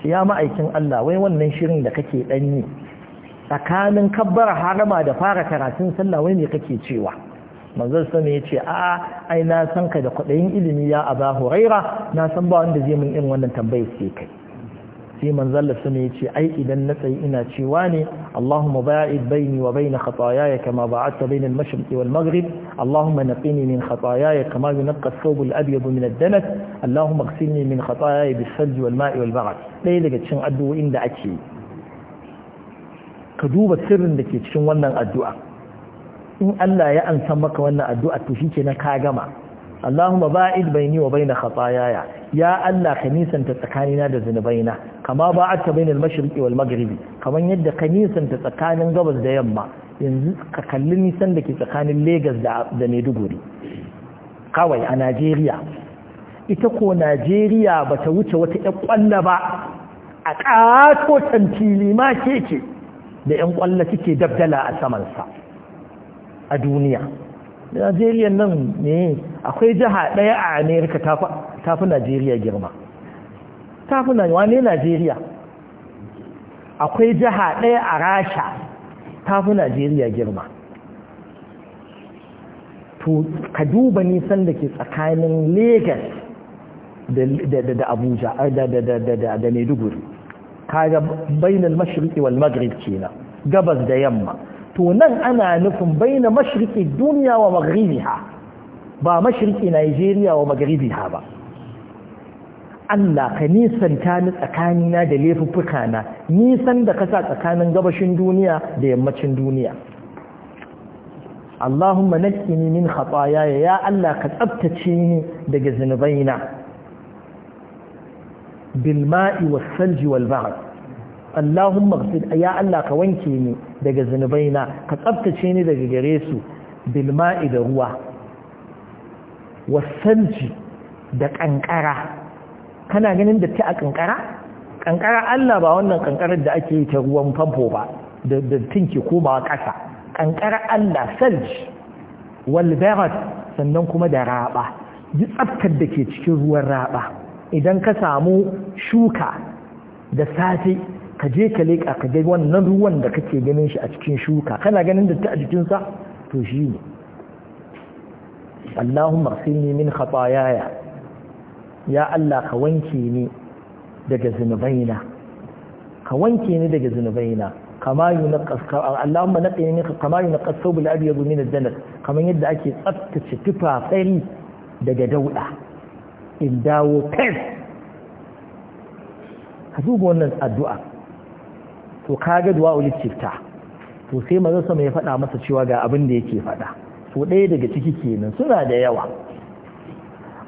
ya ma'aikin Allah wai wannan shirin da kake dan yi tsakanin kabbara harama da fara karatun sallah wai me kake cewa manzo ya ce a ai na san ka da kudayin ilimi ya aba hurairah na san ba wanda zai min irin wannan tambayar sai kai sai manzon Allah ya ce ai idan na sai ina cewa ne Allahumma ba'id bayni wa bain khataayaya kama ba'adta bain al-mashriq wal maghrib Allahumma naqini min khataayaya kama yunqqa ath-thawb al-abyad min ad-danas Allahumma ighsilni min khataayaya bis-salji wal ma'i wal baghd dai daga cikin addu'o'in da ake ka duba sirrin da ke cikin wannan addu'a in Allah ya ansa maka wannan addu'a to shikenan ka gama Allahumma ba'id bayni wa bayna khataayaya ya Allah ka nisanta tsakanina da zunubaina kama ba a tabain al-mashriqi wal maghribi kaman yadda ka nisanta tsakanin gabas da yamma yanzu ka kalli nisan da ke tsakanin Lagos da da Maiduguri kawai a Najeriya ita ko Najeriya ba ta wuce wata ƴan kwalla ba a ƙato tantili ma keke da ƴan kwalla suke dabdala a saman sa a duniya najeriya nan ne akwai jiha ɗaya a amerika ta fi najeriya girma ta fi wane najeriya akwai jiha ɗaya a rasha ta fi najeriya girma to ka duba nisan da ke tsakanin lagos da abuja da maiduguri ga bainal mashirki wal ke kenan gabas da yamma to nan ana nufin baina mashriqi duniya wa maghribiha ba mashriqi Najeriya wa maghribiha ba Allah ka nisan ta ni tsakanina da laifuffuka na nisan da kasa tsakanin gabashin duniya da yammacin duniya Allahumma nakini min khataaya ya Allah ka tsabtace ni daga zinubaina bil ma'i was salji wal ba'd اللهم ya Allah ka wanke ni daga na. ka tsaftace ni daga gare su Bilma'i da ruwa wasanji da kankara kana ganin datti a kankara kankara Allah ba wannan kankarar da ake yi ta ruwan famfo ba da dattin tinki komawa ƙasa kankara Allah salji wal sannan kuma da raba Yi tsaftar da ke cikin ruwan raba idan ka samu shuka da safe ka je ka leƙa ka ga wannan ruwan da kake ganin shi a cikin shuka kana ganin da ta a jikinsa to shi ne Allahumma sinni min khatayaya ya Allah ka wanke ni daga zunubaina ka wanke ni daga zunubaina kama yunqas Allahumma naqini min kama yunqas thawb al-abyad min ad-danas kaman yadda ake tsaftace tufafai daga dauda in dawo fes ka duba wannan addu'a to kaga duwa cifta to sai manzo sama ya faɗa masa cewa ga abin da yake faɗa to ɗaya daga ciki kenan suna da yawa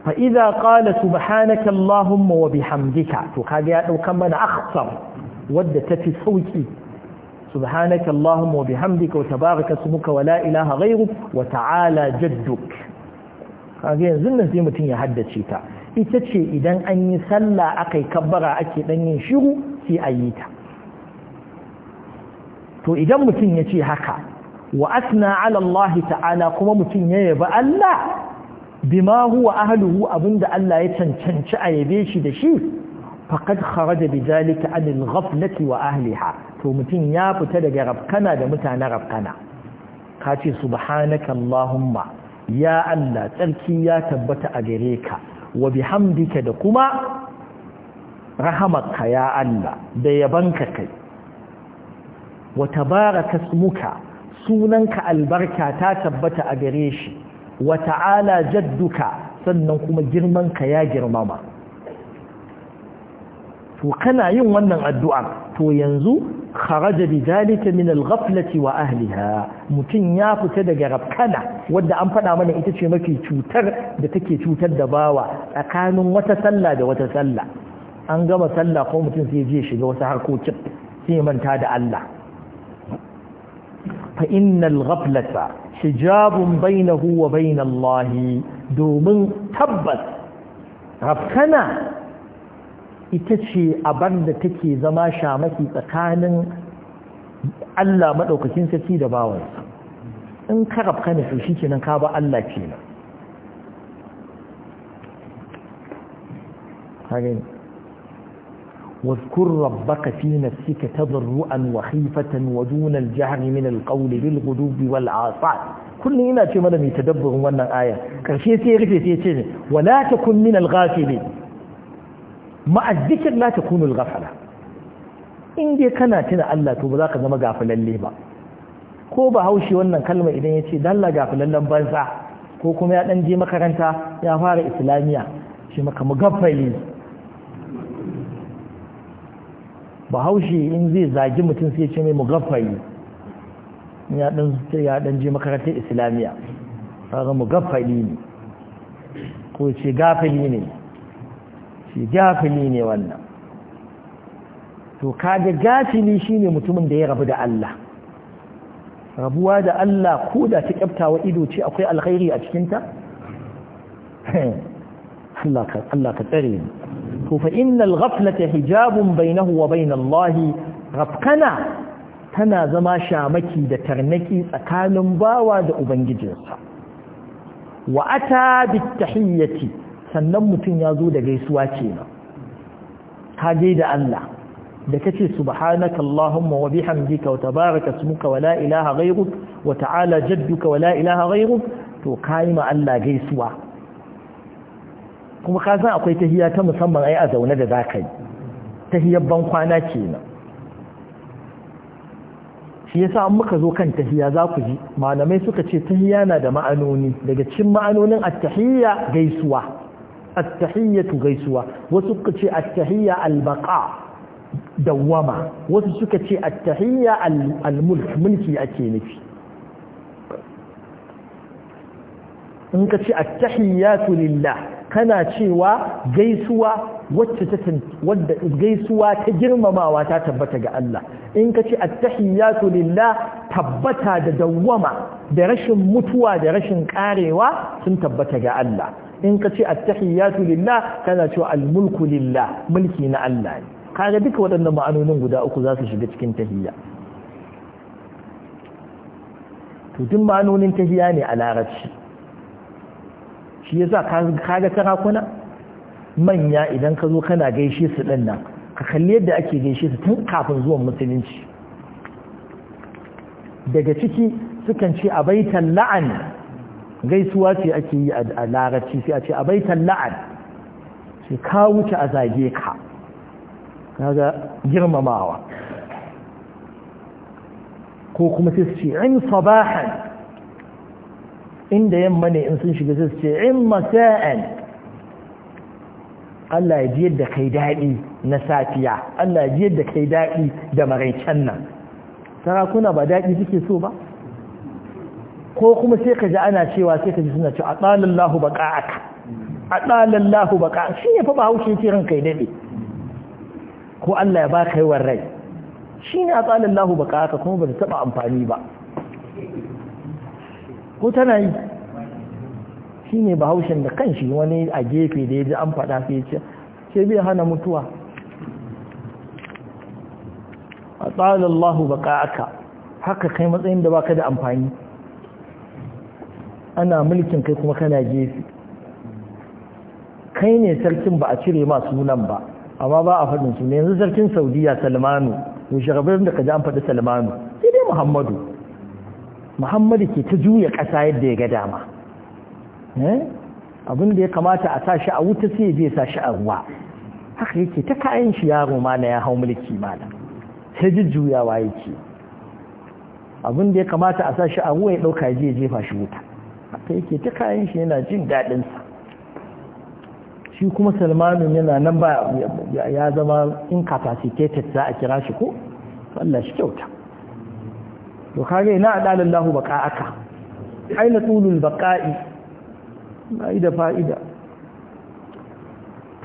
fa idza qala subhanaka allahumma wa bihamdika to kaga ya daukan mana akhsar wadda tafi sauki subhanaka allahumma wa bihamdika wa tabaraka smuka wa la ilaha ghayruk wa ta'ala jadduk kaga yanzu nan sai mutum ya haddace ta ita ce idan an yi sallah akai kabbara ake dan yin shiru sai a yi ta to idan mutum ya ce haka wa asna ala Allah ta'ala kuma mutum ya yaba Allah bima huwa ahluhu abinda Allah ya cancanci a yabe shi da shi faqad kharaja zalika an al-ghaflati wa ahliha to mutum ya fita daga rafkana da mutanen rafkana ka ce subhanaka allahumma ya Allah tsarki ya tabbata a gare ka wa bihamdika da kuma rahamaka ya Allah da yabanka kai wa tabaraka smuka sunanka albarka ta tabbata a gare shi wa ta'ala jadduka sannan kuma girman ka ya girmama to kana yin wannan addu'a to yanzu kharaja zalika min al-ghaflati wa ahliha mutun ya fita daga rafkana wanda an fada mana ita ce mafi cutar da take cutar da bawa tsakanin wata sallah da wata sallah an gama sallah ko mutun sai je shiga wasu harkokin sai manta da Allah fa’innal gaflata shijabun baina huwa baina Allahi domin tabbas rafkana ita ce abin da take zama shamaki tsakanin Allah maɗaukakin sarki da bawansa in ka rafkana su shi ka ba Allah kenan. Hagin. واذكر ربك في نفسك تضرعا وخيفة ودون الجهر من القول بالغدوب والعاصات كل هنا شيء ماذا يتدبر وانا آية كرشي سيغفي سيغفي ولا تكن من الغافلين مع الذكر لا تكون الغفلة in dai kana tuna Allah to ba za ka zama gafilalle ba ko ba haushi wannan kalma idan ya ce dalla gafilallen banza ko kuma ya dan je makaranta ya fara islamiyya shi maka mugafali bahaushe in zai zagi mutum sai ce mai mugaffari ya dan ya dan je makarantar islamiyya kaga mugaffari ne ko ce gafili ne shi gafili ne wannan to kaga gafili shine mutumin da ya rabu da Allah rabuwa da Allah ko da ta kyaftawa ido ce akwai alkhairi a cikinta <laughs> Allah ka tsare ni to fa innal ghaflata hijabun bainahu wa bain Allah rafkana tana zama shamaki da tarnaki tsakanin bawa da ubangijinsa wa ata bit tahiyyati sannan mutun yazo da gaisuwa kenan ka da Allah da kace subhanaka allahumma wa bihamdika wa tabaraka ismuka ilaha ghayruk ta'ala jadduka wa la ilaha ghayruk to kai ma Allah gaisuwa kuma ka san akwai tahiya ta musamman ai a zaune da za ka yi tahiyar ban kwana kenan shi yasa an muka zo kan tahiya za ku ji malamai suka ce tahiya na da ma'anoni daga cikin ma'anonin at-tahiyya gaisuwa tahiyatu gaisuwa wasu suka ce al-baqa dawama wasu suka ce al-mulk mulki ake nufi in ka ce attahiyatu lillah kana cewa gaisuwa wacce ta wadda gaisuwa ta girmamawa ta tabbata ga Allah in ka ce attahiyatu lillah tabbata da dawwama da rashin mutuwa da rashin karewa sun tabbata ga Allah in ka ce attahiyatu lillah kana cewa almulku lillah mulki na Allah ne kaga duka waɗannan ma'anonin guda uku za su shiga cikin tahiyya to duk ma'anonin tahiyya ne a larabci shi ya ka ga sarakuna manya idan ka zo kana gaishe su ɗin nan ka kalli yadda ake gaishe su tun kafin zuwan musulunci daga ciki sukan ce a baitan la'an gaisuwa ce ake yi a larabci sai a ce a baitan la'an sai ka wuce a zage ka kaga girmamawa ko kuma sai su ce in sabahan inda yamma ne in sun shiga sai su ce in masa'an Allah ya jiyar da kai daɗi na safiya Allah ya jiyar da kai daɗi da maraicen nan sarakuna ba daɗi suke so ba ko kuma sai ka ji ana cewa sai ka ji suna cewa A baqa'aka lahu baqa shi ne fa ba haushe ce ran kai dade ko Allah ya baka yawan rai shi ne atalallahu baqa'aka kuma ba ta taba amfani ba ko tana yi shi ne bahaushen da kan shi wani a gefe da ya ji an fada sai ce ce biya hana mutuwa a tsarin baka aka haka kai matsayin da baka da amfani ana mulkin kai kuma kana gefe kai ne sarkin ba a cire ma sunan ba amma ba a faɗin su ne yanzu sarkin saudiya salmanu yaushe shagabar da ka ji an faɗi salmanu sai dai muhammadu muhammadu ke ta juya ƙasa yadda ya ga dama eh? abin da ya kamata a shi a wuta sai zai shi a ruwa haka yake ta kayan shi yaro mana ya hau mulki mana sai jujjuyawa yake abin da ya kamata a sashi a ruwa ya ɗauka ya je jefa shi wuta haka yake ta kayan shi yana jin daɗinsa shi kuma salmanin yana nan ba ya zama incapacitated za a kira shi ko wallah shi kyauta to kage ina adalallahu baqa'aka aina tulul baqa'i fa'ida fa'ida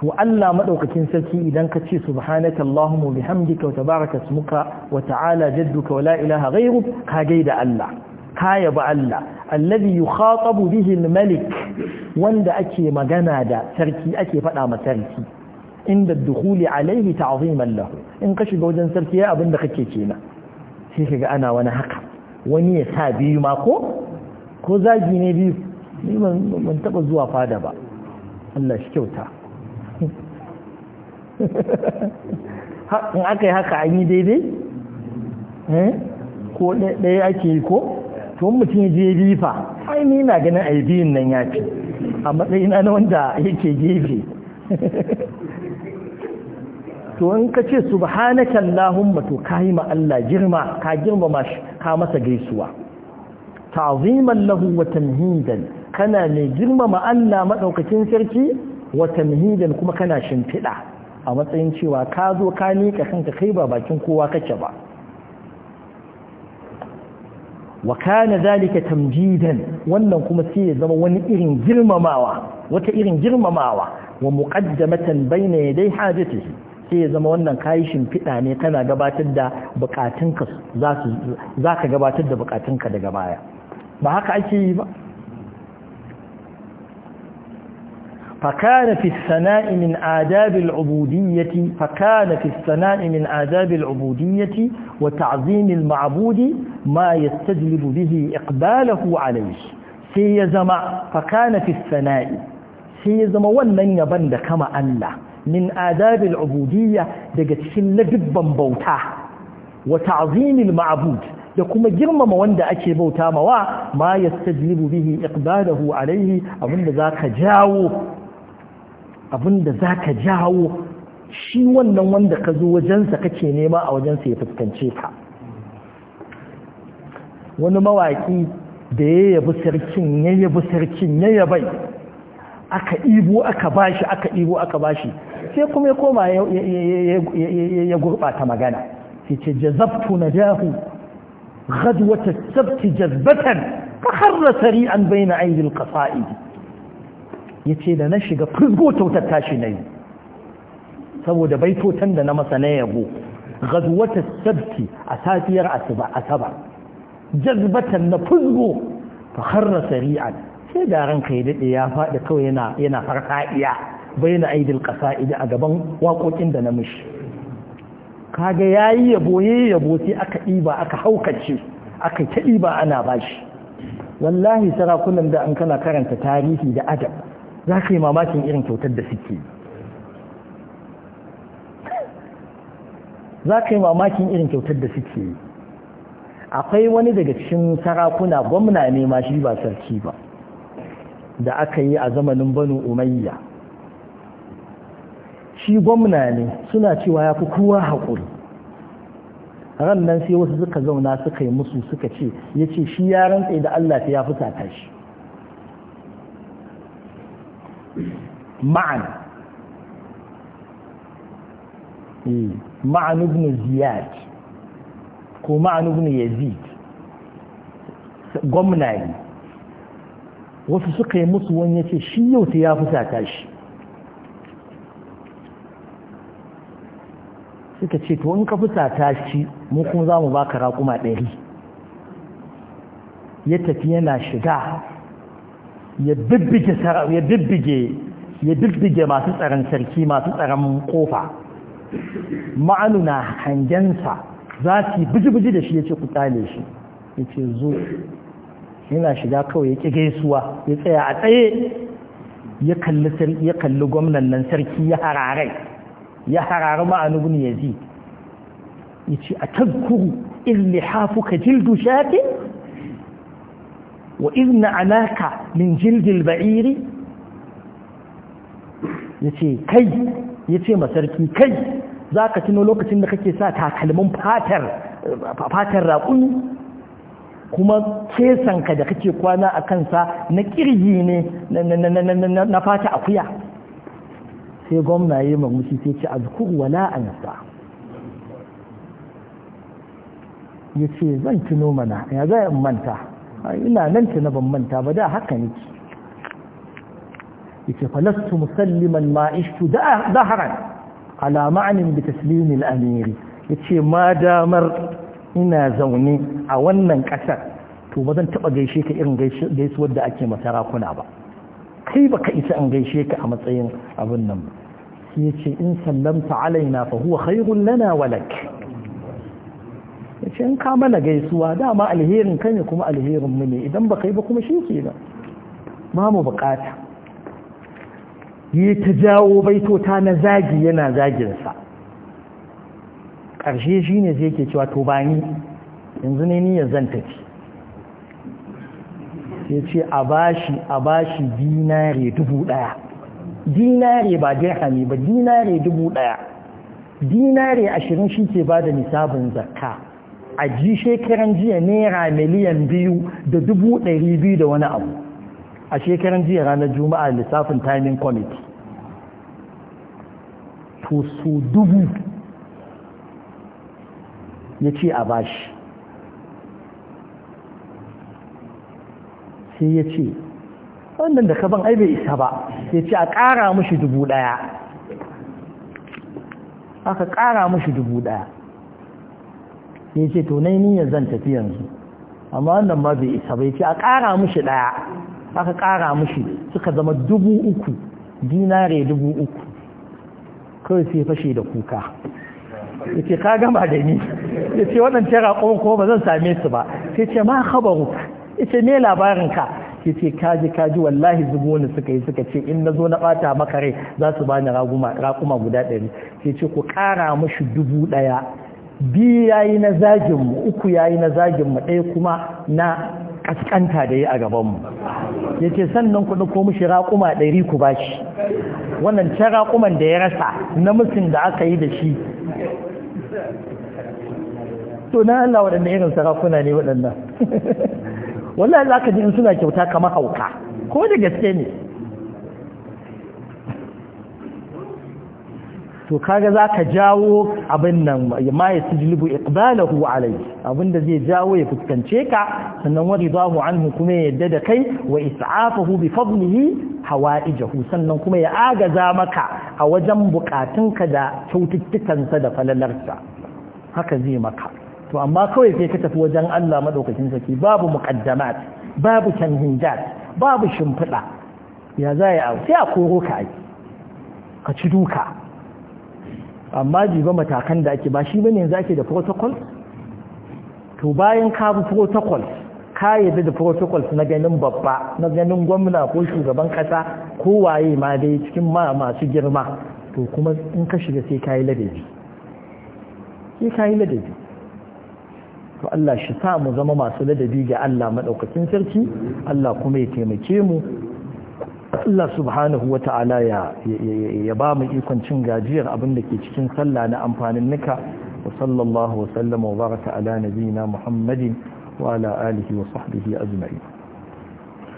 to Allah madaukakin sarki idan ka ce subhanaka allahumma bihamdika wa tabaraka ismuka wa ta'ala jadduka wa la ilaha ghayruk ka da Allah ka yaba Allah alladhi yukhatabu bihi al-malik wanda ake magana da sarki ake faɗa ma sarki inda dukhuli alayhi ta'ziman lahu in ka shiga wajen sarki ya abinda kake kenan sai ga ana wani haka wani ya sa biyu ma ko ko zagi ne biyu ni ban taba zuwa fada ba Allah shi kyauta in aka yi haka an yi daidai eh? ko ɗaya ake yi ko to mutum ya je rifa ai ni na ganin biyun nan ya ce a matsayina na wanda yake gefe <laughs> to in ka ce subhanaka allahumma to kai ma Allah girma ka ka masa gaisuwa ta'ziman lahu wa tamhidan kana mai girmama Allah madaukakin sarki wa tamhidan kuma kana shimfida a matsayin cewa ka zo ka nika kanka kai ba bakin kowa kake ba wa kana zalika tamjidan wannan kuma sai ya zama wani irin girmamawa wata irin girmamawa wa muqaddamatan bayna yaday hajatihi sai ya zama wannan kayi shimfiɗa ne tana gabatar da bukatunka gabatar da bukatunka daga baya ba haka ake yi ba fakana fi sana'i min adabin abudiyyati wa ta'azimin ma'abudi ma ya stajlibu bihi iqbalahu alaihi sai ya zama fakana fi sai ya zama wannan yaban da kama Allah min adabil ubudiyya daga cikin ladibban bauta wa ta'zimil ma'abud, da kuma girmama wanda ake bauta mawa ma yastajibu bihi iqbalahu alayhi abinda zaka jawo abinda zaka jawo shi wannan wanda ka zo wajensa kake nema a wajensa ya fuskance ka wani mawaƙi da ya yabi sarkin ya yabi sarkin ya yabai aka ibo aka bashi aka ibo aka bashi sai kuma ya koma ya gurɓata magana sai ce jazabtu na jahu gadwata sabti jazbatan ka harra sari'an bai na aidil ƙasa'idi ya ce da na shiga fizgo tautar tashi na yi saboda baitotan da na masa na yabo gadwata sabti a safiyar asaba jazbatan na firgo ka harra sari'an sai da ranka ya daɗe ya faɗi kawai yana yana farfaɗiya bai na aidil ƙasa a gaban waƙoƙin da na mishi kaga ya yi yabo ya yi yabo sai aka ɗiba aka haukace aka ta ba ana bashi wallahi sarakunan da an kana karanta tarihi da adab za ka yi mamakin irin kyautar da suke za ka yi mamakin irin kyautar da suke akwai wani daga cikin sarakuna gwamna ne ma shi ba sarki ba da aka yi a zamanin banu umayya shi gwamna ne suna cewa ya fi kowa haƙuri ran nan sai wasu suka zauna suka yi musu suka ce ya ce shi ya rantse da Allah ta ya sata shi ma'an eh, ma'an ibn ziyad ko ma'an ibn yazid gwamna ne wasu suka yi musu wani ya ce shi yau ta ya ta shi suka ce to in ka ta shi mu kuma za mu ba ka raƙuma ɗari ya tafi yana shiga ya bibbige masu tsaron sarki masu tsaron kofa ma'anu hangensa za su yi biji buji da shi ya ce ku tsale shi ya ce zo yana shiga kawai ya ƙi gaisuwa ya tsaya a tsaye ya kalli ya kalli gwamnan nan sarki ya hararai ya harari ma'anu bin yazi yace atadkuru in lihafuka jildu shafi wa in anaka min jildil ba'iri yace kai yace sarki kai zaka tuno lokacin da kake sa takalmin fatar fatar raƙumi kuma kesan ka da kake kwana a kansa na kirgi ne na fata akuya sai gwamna ya mamushi sai ce azkur wala a nasa ya ce zan tuno mana ya za manta ina nan tuna ban manta ba da haka nake ya ce falastu musalliman da daharan ala ma'anin bi taslimil amiri ya ce ma damar ina zaune a wannan ƙasar to ba zan taɓa gaishe ka irin gaisuwar da ake masarakuna ba kai baka isa in gaishe ka a matsayin abin nan shi ya ce in sallamta alaina fa huwa khairun lana walak ya ce in ka mana gaisuwa dama alherin ka ne kuma alherin mu ne idan ba kai ba kuma shi ke ba ma mu bukata yi ta jawo baitota na zagi yana zaginsa ƙarshe shi ne zai ke cewa to ba ni yanzu ne niyyar zan tafi ya ce a bashi a bashi dinare dubu ɗaya dinare ba dirhami ba dinare dubu ɗaya dinare ashirin shi ke ba da nisabin zakka a ji shekaran jiya naira miliyan biyu da dubu ɗari biyu da wani abu a shekaran jiya ranar juma'a lissafin timing committee to su dubu ya ce a bashi sai ya ce wannan da kaban ai bai isa ba ya ce a ƙara mashi dubu ɗaya aka ƙara mashi dubu ɗaya ya ce to niyan zan tafi yanzu amma wannan ba bai isa ba ya ce a ƙara mashi ɗaya aka ƙara mashi suka zama dubu uku dinare dubu uku kawai sai fashe da kuka ya ka gama da ni ya ce waɗancan raƙon ba zan same su ba sai ce ma habaru ya ce me labarinka ya ce kaji kaji wallahi zubo suka yi suka ce in na zo na bata maka rai za su bani raƙuma guda ɗari ya ce ku ƙara mashi dubu ɗaya biyu ya yi na zaginmu uku ya yi na zaginmu ɗaya kuma na ƙasƙanta da ya a gabanmu ya ce sannan ku ɗauko mishi raƙuma ɗari ku bashi wannan can raƙuman da ya rasa na mutum da aka yi da shi to na Allah waɗanda irin sarakuna ne waɗannan <laughs> wallahi Allah ka ji in suna kyauta kamar hauka ko da gaske ne to kaga za ka jawo abin nan ma ya tijlibu iqbalahu alai abin da zai jawo ya fuskance ka sannan wa ridahu anhu kuma ya yadda da kai wa is'afahu bi fadlihi hawaijahu sannan kuma ya agaza maka a wajen bukatun ka da sa da falalarsa haka zai maka to amma kawai sai ka tafi wajen Allah madaukakin saki babu muqaddamat babu tanhijat babu shimfiɗa ya za a sai a koro ka ka ci duka amma jiba matakan da ake ba shi bane yanzu ake da protocol to bayan ka bi protocol ka yadda da protocol na ganin babba na ganin gwamna ko shugaban kasa ko waye ma dai cikin ma masu girma to kuma in ka shiga sai ka yi ladabi sai ka yi ladabi to Allah shi sa mu zama masu ladabi ga Allah madaukakin sarki Allah kuma ya taimake mu Allah subhanahu wa ta'ala ya ba mu ikon cin gajiyar abin da ke cikin sallah na amfanin nika wa sallallahu wa sallama wa baraka ala nabiyina Muhammadin wa ala alihi wa sahbihi ajma'in